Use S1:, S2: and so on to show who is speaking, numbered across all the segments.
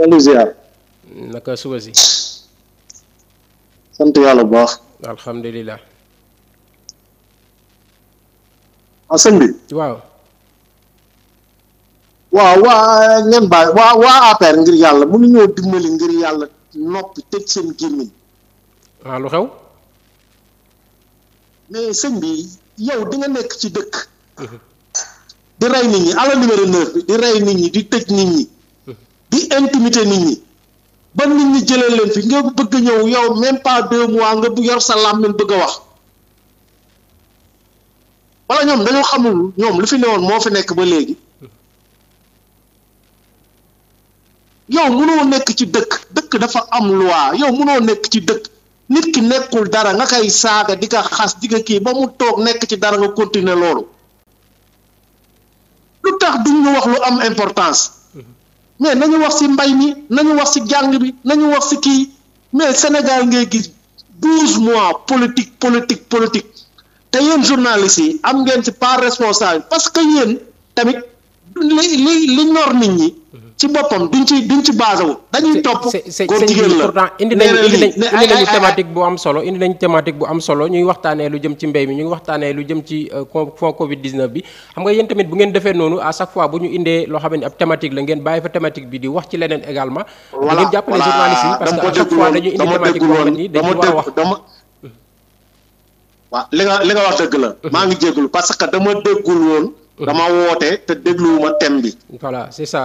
S1: wàllu naka suba si. sant yàlla bu baax. alhamdulilah. ah sëñ bi. waaw. waaw waa
S2: ngeen bàyyi waa waa APR ngir yàlla mënuñoo dimbali ngir yàlla noppi tëj seen gémmiñ. ah lu xew. mais sëñ bi yow di nga nekk ci dëkk. Mhm. di rey nit ñi ala numéro 9 bi di rey nit ñi di tëj nit ñi. bi intimité nit ñi ba nit ñi jëlee leen fi nga bëgg ñëw yow même pas deux mois nga yor sa làmmiñ bëgg a wax wala ñoom dañoo xamul ñoom lu fi newoon moo fi nekk ba léegi yow mënoo nekk ci dëkk dëkk dafa am loi yow mënoo nekk ci dëkk nit ki nekkul dara nga koy saaga di ko xas di ko kii ba mu toog nekk ci dara nga continuer loolu lu tax duñ wax lu am importance mais nañu wax ci mbay mi nañu wax ci jàng bi na ñu wax ci kii mais Sénégal ngay gis douze mois politique politique politique te yéen journalistes yi am ngeen ci part responsable parce que yéen tamit li li li ñor nit ñi. Mm-hmm. ci boppam duñ ci duñ ci basé wu. dañuy topp góor jigéen la pourtant indi nañu indi nañu
S1: thématique bu am solo indi nañu thématique bu am solo ñuy ngi waxtaanee lu jëm ci mbéy mi ñu ngi waxtaanee lu jëm ci euh, fond Covid 19 bi. xam nga yéen tamit bu ngeen defee noonu à chaque fois bu ñu indee loo xam ne ab thématique la ngeen bàyyi fa thématique bi di wax ci leneen également. voilà ngeen jàppale journaliste yi parce que à chaque fois dañuy indi thématique boo xam ne dañu a wax.
S2: Mm-hmm. waaw nga wax dëgg la. maa ngi jégalu parce que dama déggul woon dama woote te dégluwuma thème bi.
S1: voilà c'est ça.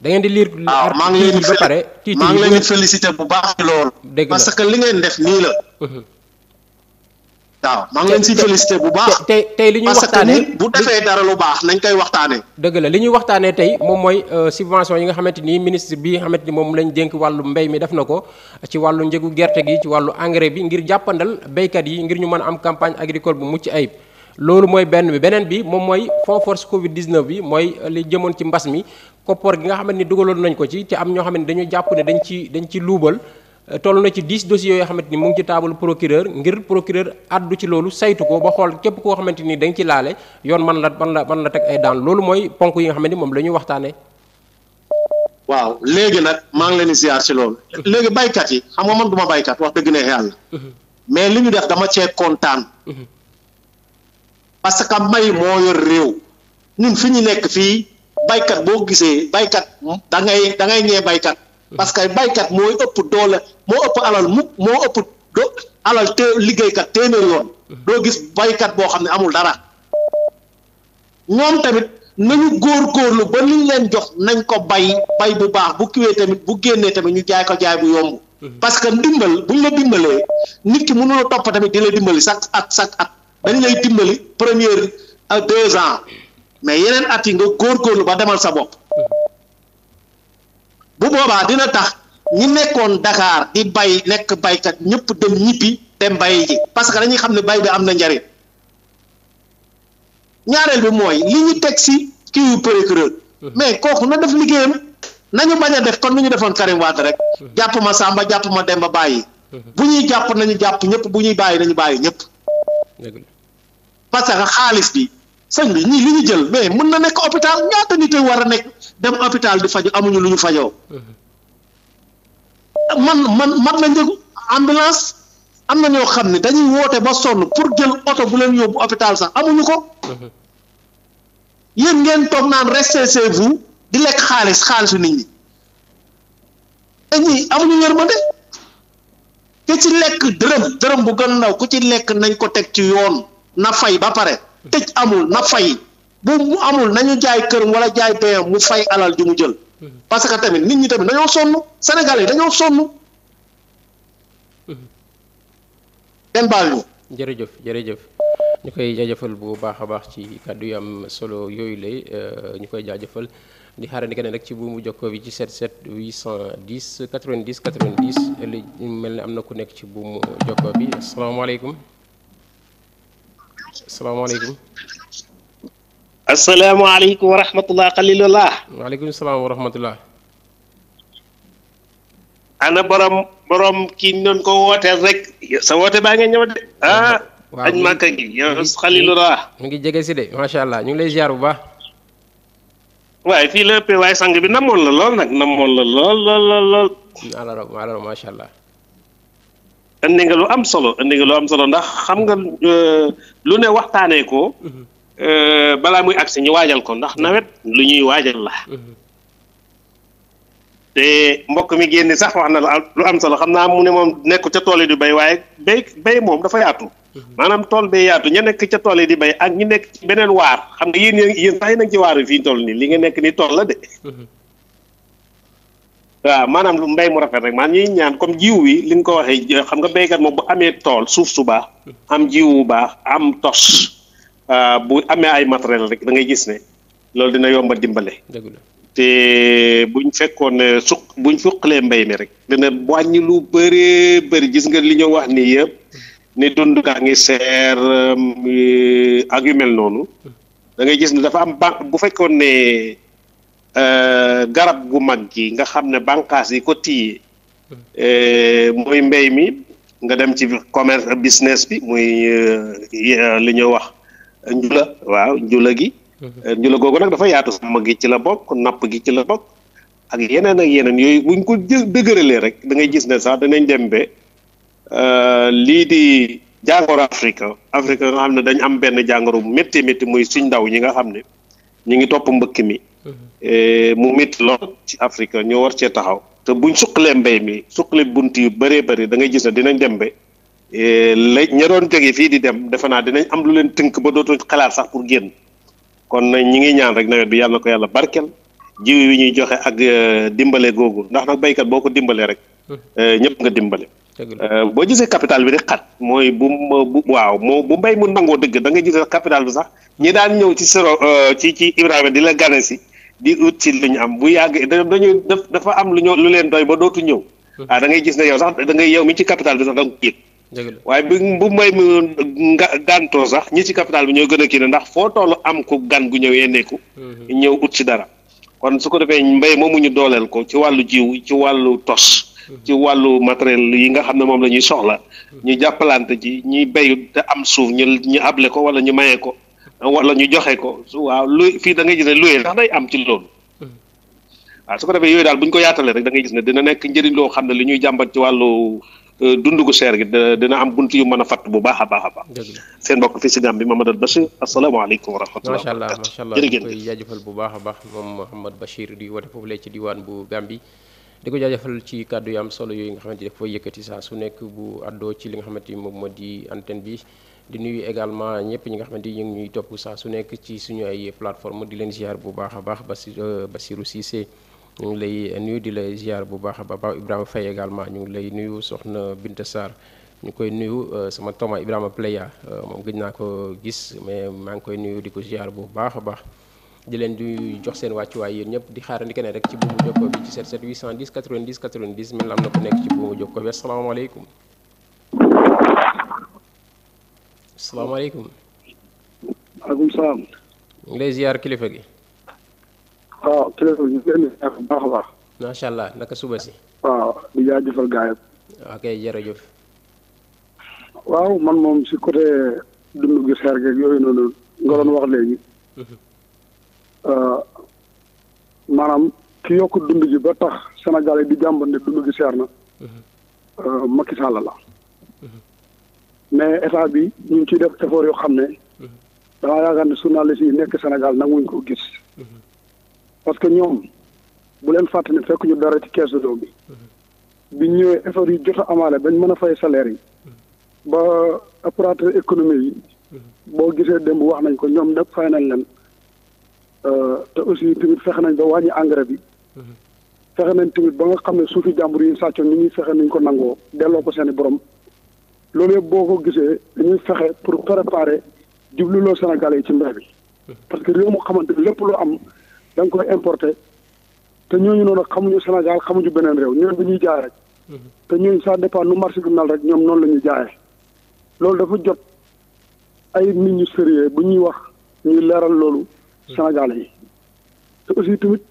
S1: da ngeen di liir waaw ah, maa ngi leen di ba pare. maa ngi leen di féliciter bu baax ci loolu. dégg parce que li ngeen def nii la. waaw maa ngi leen si félicité bu baax. tey tey li ñuy waxtaanee bu defee dara lu baax nañ koy waxtaanee. dëgg la li ñuy waxtaanee tey moom mooy euh, subvention yi nga xamante ni ministre bi nga xamante ni moom lañ dénk wàllu mbay mi def na ko ci wàllu njëgu gerte gi ci wàllu engrais bi ngir jàppandal béykat yi ngir ñu mën a am campagne agricole bu mucc ayib. loolu mooy benn bi beneen bi moom mooy fond force Covid 19 bi mooy euh, li jëmoon ci mbas mi koppoor gi nga xamante ni dugaloon nañ ko ci te am ñoo xamante ni dañu jàpp ne dañ ci dañ ci luubal euh, toll na ci 10 dossiers yoo xamante ni mu ngi ci taabalu procureur ngir procureur addu ci loolu saytu ko ba képp koo xamante ni dañ ci laale yoon man la man na man la teg ay daan loolu mooy ponk yi nga xamante ni moom la ñuy waxtaanee.
S2: waaw léegi nag maa ngi leen di ziar ci loolu. léegi baykat yi xam nga man du baykat wax dëgg ne yàlla. Mhm. mais li ñu def dama cee kontaan. Mhm. parce que mbay moo yor réew ñun fi ñu nekk fii baykat boo gisee baykat dangay dangay da ñee baykat parce que baykat mooy ëpp doole moo ëpp alal mu moo ëpp do alal te liggéeykat téeméer yoon doo gis baykat boo xam ne amul dara ñoom tamit nañu góorgóorlu ba liñ leen jox nañ ko bay bay bu baax bu kiwee tamit bu génnee tamit ñu jaay ko jaay bu yomb mm-hmm. parce que ndimbal buñ la dimbalee nit ki mënul a topp tamit di la dimbali sax ak sax at dañ lay dimbali première ak deux ans mais yeneen at yi nga góorgóorlu ba demal sa bopp bu boobaa dina tax ñi nekkoon dakaar di bay nekk baykat ñëpp dem ñibbi dem bay ji parce que dañuy xam ne bay bi am na njariñ ñaareel bi mooy li ñu teg si kii yu procureur mhm. mais kooku na def liggéeyam nañu bañ def kon nu ñu defoon Karim Wade rek mhm. jàpp ma Samba jàpp ma dem ba bàyyi mhm. bu ñuy jàpp nañu jàpp ñëpp bu ñuy bàyyi nañu bàyyi ñëpp parce que xaalis bi sëñ bi ñii li ñu jël mais mën na nekk hôpital ñaata nit a war a nekk dem hôpital di faju amuñu lu ñu fajoo mm-hmm. man man man na njëgu ambulance am na ñoo xam ne dañuy woote ba sonn pour jël oto bu leen yóbbu hôpital sax amuñu ko mm-hmm. yéen ngeen toog naan restez chez vous di lekk xaalis xaalisu nit ñi ñii amuñu yërmande te ci lekk dërëm dërëm bu gën naw ku ci lekk nañ ko teg ci yoon na fay ba pare tëj amul na fay bu mu amul nañu jaay këram wala jaay beeyam mu fay alal ji mu jël parce que tamit nit ñi tamit dañoo sonn Sénégalais dañoo sonn
S1: kenn baal ñu jërëjëf jërëjëf ñu koy jaajëfal bu baax a baax ci kàddu yam solo yooyu lay euh, ñu koy jaajëfal di xaarandi keneen rek ci buumu mu jokkoo bi ci 77 810 90 90 li mel ne am na ku nekk ci bu mu jokkoo bi asalaamaaleykum asalaamaaleykum.
S3: asalaamaaleykum wa rahmatulah Xalilullah. waaleykum salaam wa rahmatulah. ana borom borom kii noonu ko wooteel rek sa woote baa ngeen ñëw de ah. waaw añ màkka gi yow Xalilullah. mu ngi
S1: jege si de macha allah ñu ngi lay ziar bu baax.
S3: waaye fii la ëppee waaye sang bi namoon la lool nag namoon la lool lool lool lool.
S1: alors macha allah.
S3: indi nga lu am solo indi nga lu am solo ndax xam nga euh, lu ne waxtaanee ko. Mhm. Euh, balaa muy agsi ñu waajal ko ndax mhm. nawet lu ñuy waajal la. Mhm. te mbokk mi génn sax wax na lu am solo xam naa mu ne moom nekk ca tool yi du bay waaye bay bay moom dafa yaatu. maanaam tool bee yaatu ña nekk ca tool yi di bay ak ñi nekk beneen waar xam nga yéen yéen sax yéen a ngi ci waar yi fii nii li nga nekk ni tool la de. Mhm. waaw maanaam lu mbéy mu rafet rek maan ñuy ñaan comme jiw wi li nga ko waxee xam nga béykat moom bu amee tool suuf su baax mhm. am jiw bu baax am tos euh, bu amee ay matériel rek dangay gis ne loolu dina yomba dimbale. te buñ fekkoon ne suq buñ suqalee mbay mi rek dina wàññi lu bëree bëri gis nga li ñu wax nii yëpp. Mhm. ni dund gaa ngi seer um, eh, ak yu mel noonu da ngay gis ne dafa am banque bu fekkoon ne eh, garab gu mag gi nga xam ne bànqaas yi ko téye eh, muy mbéy mi nga dem ci commerce business bi muy li ñuy wax njula waaw njula gi mhm. njula googu nag dafa yaatu ma gi ci la bokk napp gi ci la bokk ak yeneen ak yeneen yooyu buñ ko dëgëralee rek da ngay gis ne sax danañ dem be Euh, lii di jàngoro Afrique Afrique nga xam ne dañ am benn jàngoro bu métti métti muy suñ ndaw ñi nga xam ne ñu ngi topp mbëkk mi. mu métti lool ci africa ñoo war cee taxaw. te buñ suqalee mbéy mi suqalee bunt yu bëree bëri da ngay gis ne dinañ dem ba la ña doon jógee fii di dem defe naa dinañ am lu leen tënk ba dootu xalaat sax pour génn kon nag ñi ngi ñaan rek nawet bi yàlla ko yàlla barkeel jiw yi ñuy joxe ak euh, dimbale googu ndax nag béykat boo ko dimbalee rek. Hmm. Euh, ñëpp nga dimbale. Euh, boo gisee capital bi rek xat mooy bu bu waaw moo bu mbay mu nangoo dëgg da nga gisee capital bi sax ñi daan ñëw ci soro euh, ci ci Ibrahima di la gane si di ut ci lu ñu am bu yàgg dañuy dafa am lu ñu lu leen dooy ba dootu ñëw. Hmm. ah da gis ne yow sax da ngay yow mi ci capital bi sax waaye bu bu mbay mu nga gàntoo sax ñi ci capital bi ñoo gën a kii ndax foo toll am ko gan gu ñëwee nekku hmm. ñëw ut si dara kon su ko defee mbay mu ñu dooleel ko ci wàllu jiw ci wàllu tos. ci wàllu matériel yi nga xam ne moom la ñuy soxla ñu jàppalante ji ñuy béyu te am suuf ñu ñu able ko wala ñu maye ko wala ñu joxe ko waaw lu fii da ngay gis ne luye sax day am ci loolu waaw su ko defee yooyu daal bu ñu ko yaatalee rek da ngay gis ne dina nekk njëriñ loo xam ne li ñuy jàmbat ci wàllu euh, dund gu seer gi dina am bunt yu mën a fatt bu baax a baax a baax seen mbokk fii si Gambie Mamadou Bachir asalaamaaleykum wa rahmatulah macha
S1: allah macha allah koy jaajëfal bu baax a baax moom Mouhamed Bachir di woote foofu ci diwaan bu Gambie di ko jaajëfal ci kàddu yu am solo yooyu nga xamante ni dafa yëkkati saa su nekk bu àddoo ci li nga xamante ni moom moo di antenne bi di nuyu également ñëpp ñi nga xamante ni ñu ngi ñuy topp saa su nekk ci suñu ay plateforme di leen ziar bu baax a baax euh, Basirou Cissé ñu ngi lay nuyu di la ziar bu baax a baax Ibrahima Faye également ñu ngi lay nuyu soxna Binta Sarr ñu koy nuyu euh, sama toma Ibrahima Pleya euh, moom gëj naa ko gis mais maa ngi koy nuyu di ko ziar bu baax a baax. di leen di jox seen wàccuwaay yéen ñëpp di ni keneen rek ci buumu jokkoo bi ci 77 810 90 90 mel na am na ku nekk ci buumu jokkoo bi asalaamaaleykum. asalaamaaleykum.
S4: maaleykum salaam. ñu
S1: ngi lay ziar kilifa gi.
S4: waaw kilifa a
S1: baax. macha suba si.
S4: waaw di jaajëfal waaw man moom si côté dund gi xeer geeg yooyu noonu nga doon wax léegi. Mhm. Euh, maanaam ki yokk dund gi ba tax Sénégal yi di jàmbat ne dund gi seer na euh, Macky Sall la mais état bi ñu ngi ciy def effort yoo xam ne damaa yaakaar ne journaliste yi nekk Sénégal nanguñ koo gis parce que ñoom bu leen fàttali ne fekk ñu dara ci keesu réew bi bi ñëwee effort yi jot a amaale bañ mën a fay salaire yi ba opérateur économie yi boo gisee démb wax nañ ko ñoom nag fay nañ leen Euh, te aussi tamit fexe nañ ba wàññi engrais bi. Mhm. fexe nañ tamit ba nga xam ne suufi jàmbur yi sàccoon ni ñuy fexe nañ ko nangoo delloo ko seeni borom loolu yëpp boo ko gisee dañuy fexe pour préparer jubluloo Sénégal yi ci mbay bi. Mhm. parce que réew mu xamante lépp loo am da nga koy importer te ñooñu noonu xamuñu Sénégal xamuñu beneen réew ñoom dañuy jaay rek. Mhm. te ñooñu ça dépend nu marché bi mel rek ñoom noonu la ñuy jaayee. loolu dafa jot ay nit ñu sérieux bu ñuy wax ñuy leeral loolu. Sénégal yi te aussi tamit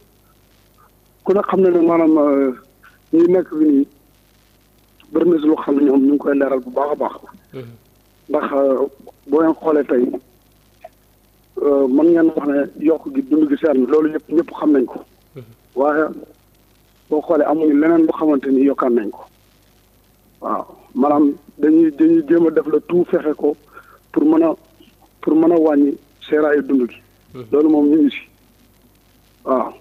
S4: ku ne xam na ne maanaam euh, ñi nekk fi nii bëri na xam ne ñoom ñu ngi koy leeral bu baax a baax mhm. ndax euh, boo leen xoolee tey euh, man ngeen wax ne yokk gi dund gi seer na loolu ñëpp ñëpp xam nañ ko mhm. waaye boo xoolee amuñu leneen lu xamante ni yokkaan nañ ko waaw maanaam dañuy dañuy jéem a def la tout fexe ko pour mën a pour mën a wàññi seeraayu dund gi Mhm. loolu moom ñu ngi si waaw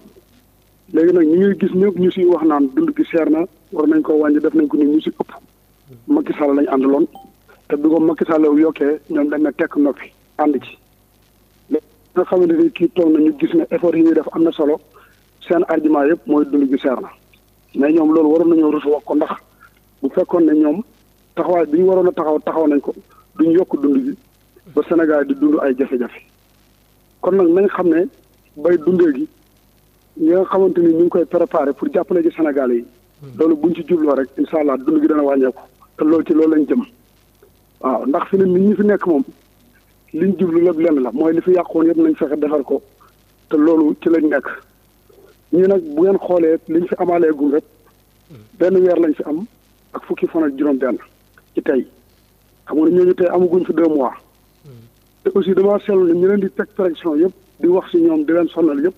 S4: léegi nag ñu ngi gis ñëpp ñu si wax naan dund gi seer na war nañ ko wàññi def nañ ko ni ñu si ëpp mhm. Macky Sall lañ àndaloon te bi ko makki Sall yokkee ñoom dañ na tekk noppi ànd ci nga xamante ni kii toog na ñu gis ne effort yi ñuy def am na solo seen argument yëpp mooy dund gi seer na mais ñoom loolu waroon nañoo rusu wax ko ndax bu fekkoon ne ñoom taxawaay bi ñu waroon a taxaw taxaw nañ ko duñ yokk dund gi ba Sénégal di dund ay jafe-jafe kon nag nañ xam ne bay dundee gi ñi nga xamante ni ñu ngi koy préparé pour jàppale ji Sénégal yi. Hmm. loolu buñ ci jubloo rek incha allah dund gi dana wàññeeku. te loolu ci lañ jëm waaw ndax fi ne nit ñi fi nekk moom liñ jublu lépp lenn la mooy li fi yàqoon yëpp nañ fexe defar ko te loolu ci lañ nekk ñi nag bu ngeen xoolee liñ fi amaalee gum rek benn weer lañ fi am ak fukki fan ak juróom-benn ci tey xam nga ñooñu tey amaguñ fi deux mois. Hmm. te aussi damaa seetlu ñu leen di teg pression yëpp di wax si ñoom di leen sonal yëpp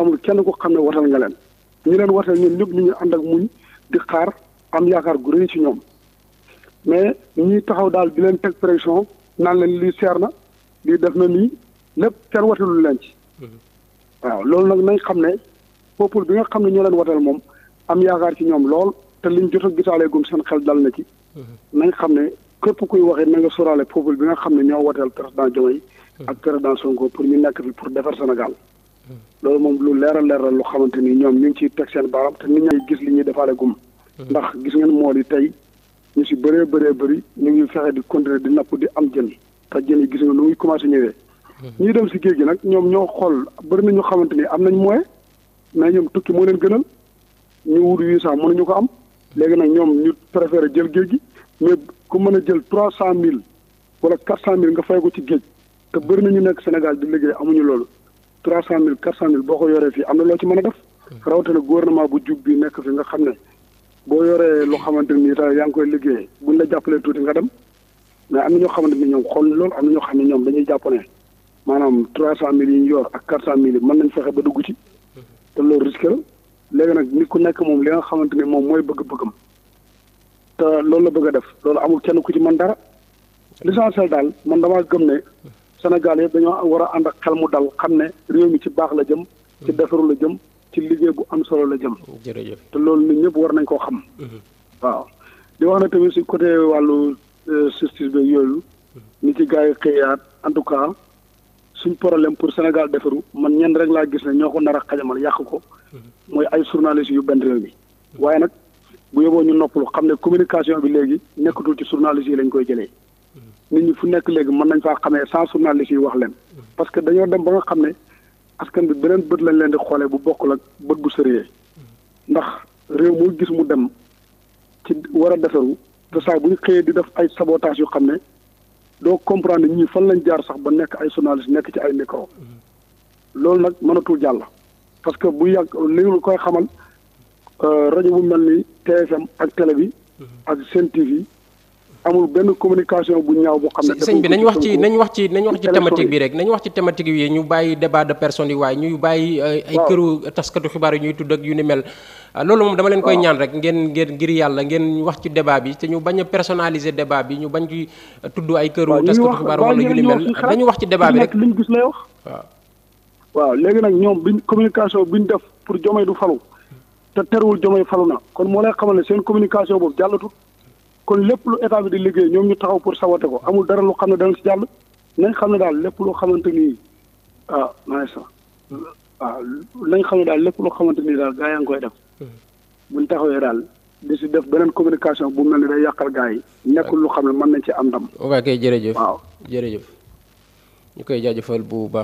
S4: amul kenn ko xam ne watal nga leen ñu leen watal ñun ñëpp ñu ngi ànd ak muñ di xaar am yaakaar gu rëy ci ñoom mais ñuy taxaw daal di leen teg pression naan leen lii seer na lii def na nii lépp kenn watalul leen ci waaw loolu nag nañ xam ne peuple bi nga xam ne ñoo leen watal moom am yaakaar ci ñoom lool te liñ jot a gisaaleegum seen xel dal na ci nañ xam ne képp kuy waxee na nga sóoraale peuple bi nga xam ne ñoo woteel président Diomaye ak président Sonko pour ñu nekk fi pour defar Sénégal loolu moom lu leeral leeral lu xamante ni ñoom ñu ngi ciy teg seen baaram te nit gis li ñuy defaale ndax gis ngeen moo di tey ñu si bëree bëree bëri ñu ngi fexe di continuer di napp di am jën te jën yi gis nga nu muy commencé ñëwee ñuy dem si géej gi nag ñoom ñoo xool bëri na ñu xamante ni am nañ moyen mais ñoom tukki moo leen gënal ñu wut wii sax na ñu ko am léegi nag ñoom ñu préféré jël géej gi mais ku mën a jël trois cent mille wala quatre cent mille nga fay ko ci géej te bëri na ñu nekk Sénégal di liggéey amuñu loolu trois cent mille quatre cent mille boo ko yoree fii am na loo ci mën a def rawatina gouvernement bu jub bi nekk fi nga xam ne boo yoree loo xamante ni daal yaa ngi koy liggéey buñ la jàppalee tuuti nga dem mais am na ñoo xamante ni ñoom xool loolu am na ñoo xam ne ñoom dañuy jàpp maanaam trois cent mil yi ñu yor ak quatre cent mille mën nañ fexe ba dugg ci te loolu léegi nag nit ku nekk moom li nga xamante ni moom mooy bëgg-bëggam te loolu la bëgg a def loolu amul kenn ku ci man dara l'essentiel daal man damaa gëm ne Sénégal yëpp dañoo war a ànd ak xel mu dal xam ne réew mi ci baax la jëm ci defaru la jëm ci liggéey bu am solo la jëm te loolu nit ñëpp war nañ koo xam mhm. waaw di wax ne tamit si côté wàllu euh, justice bi yooyu ni ci gars yi xëyaat en tout cas suñ problème pour Sénégal defaru man ñenn rek laa gis ne ñoo ko nar a xajamal yàq ko mhm. mooy ay journalistes yu benn réew mi mhm. waaye nag bu yóbboo ñu noppalu xam ne communication bi léegi nekkatul ci journaliste yi lañ koy jëlee nit ñi fu nekk léegi mën nañ faa xamee sans journaliste yi wax leen parce que dañoo dem ba nga xam ne askan bi beneen bët lañ leen di xoolee bu bokkul ak bët bu sérieux ndax réew mu gis mu dem ci war a defaru te saa bu ñu xëyee di def ay sabotage yu xam ne doo comprendre ñii fan lañ jaar sax ba nekk ay journaliste nekk ci ay micro loolu nag mënatul jàll parce que bu yàgg koy xamal euh, rajo bu mel ni TFM ak télé bi. Mhm. ak Sen TV. amul benn communication bu ñaaw bu xam ne. sëñ bi nañu wax ci nañu wax ci nañ wax ci
S1: bi rek nañ wax ci thématique yi ñu bàyyi débat de personnes yi waaye ñuy bàyyi. Euh, ay këru taskatu xibaar yi ñuy tudd ak yu ni mel. Ah, loolu moom dama leen koy ñaan rek ngeen ngeen ngir yàlla ngeen wax ci débat bi te ñu bañ a personnaliser débat bi ñu bañ ci tudd ay këru taskatu xibaar wala yu ni mel dañu wax ci débat bi rek
S4: liñ gis lay wax. waaw waaw léegi nag ñoom biñ communication biñ def pour Diomaye du falu te terewul jomay falu na kon moo lay xamal ne seen communication boobu jàllatut kon lépp lu état bi di liggéey ñoom ñu taxaw pour saboter ko amul dara lu xam ne danga si jàll nañ xam ne daal lépp loo xamante ni ah maa ngi sax ah, xam ne daal lépp loo xamante ni daal gaa yaa ngi koy def buñ taxawee daal di si def beneen communication bu mel ni day yàqal gaa yi. nekkul lu xam ne mën nañ ci am ndam.
S3: waaw kay jërëjëf waaw jërëjëf ñu koy jaajëfal bu baax.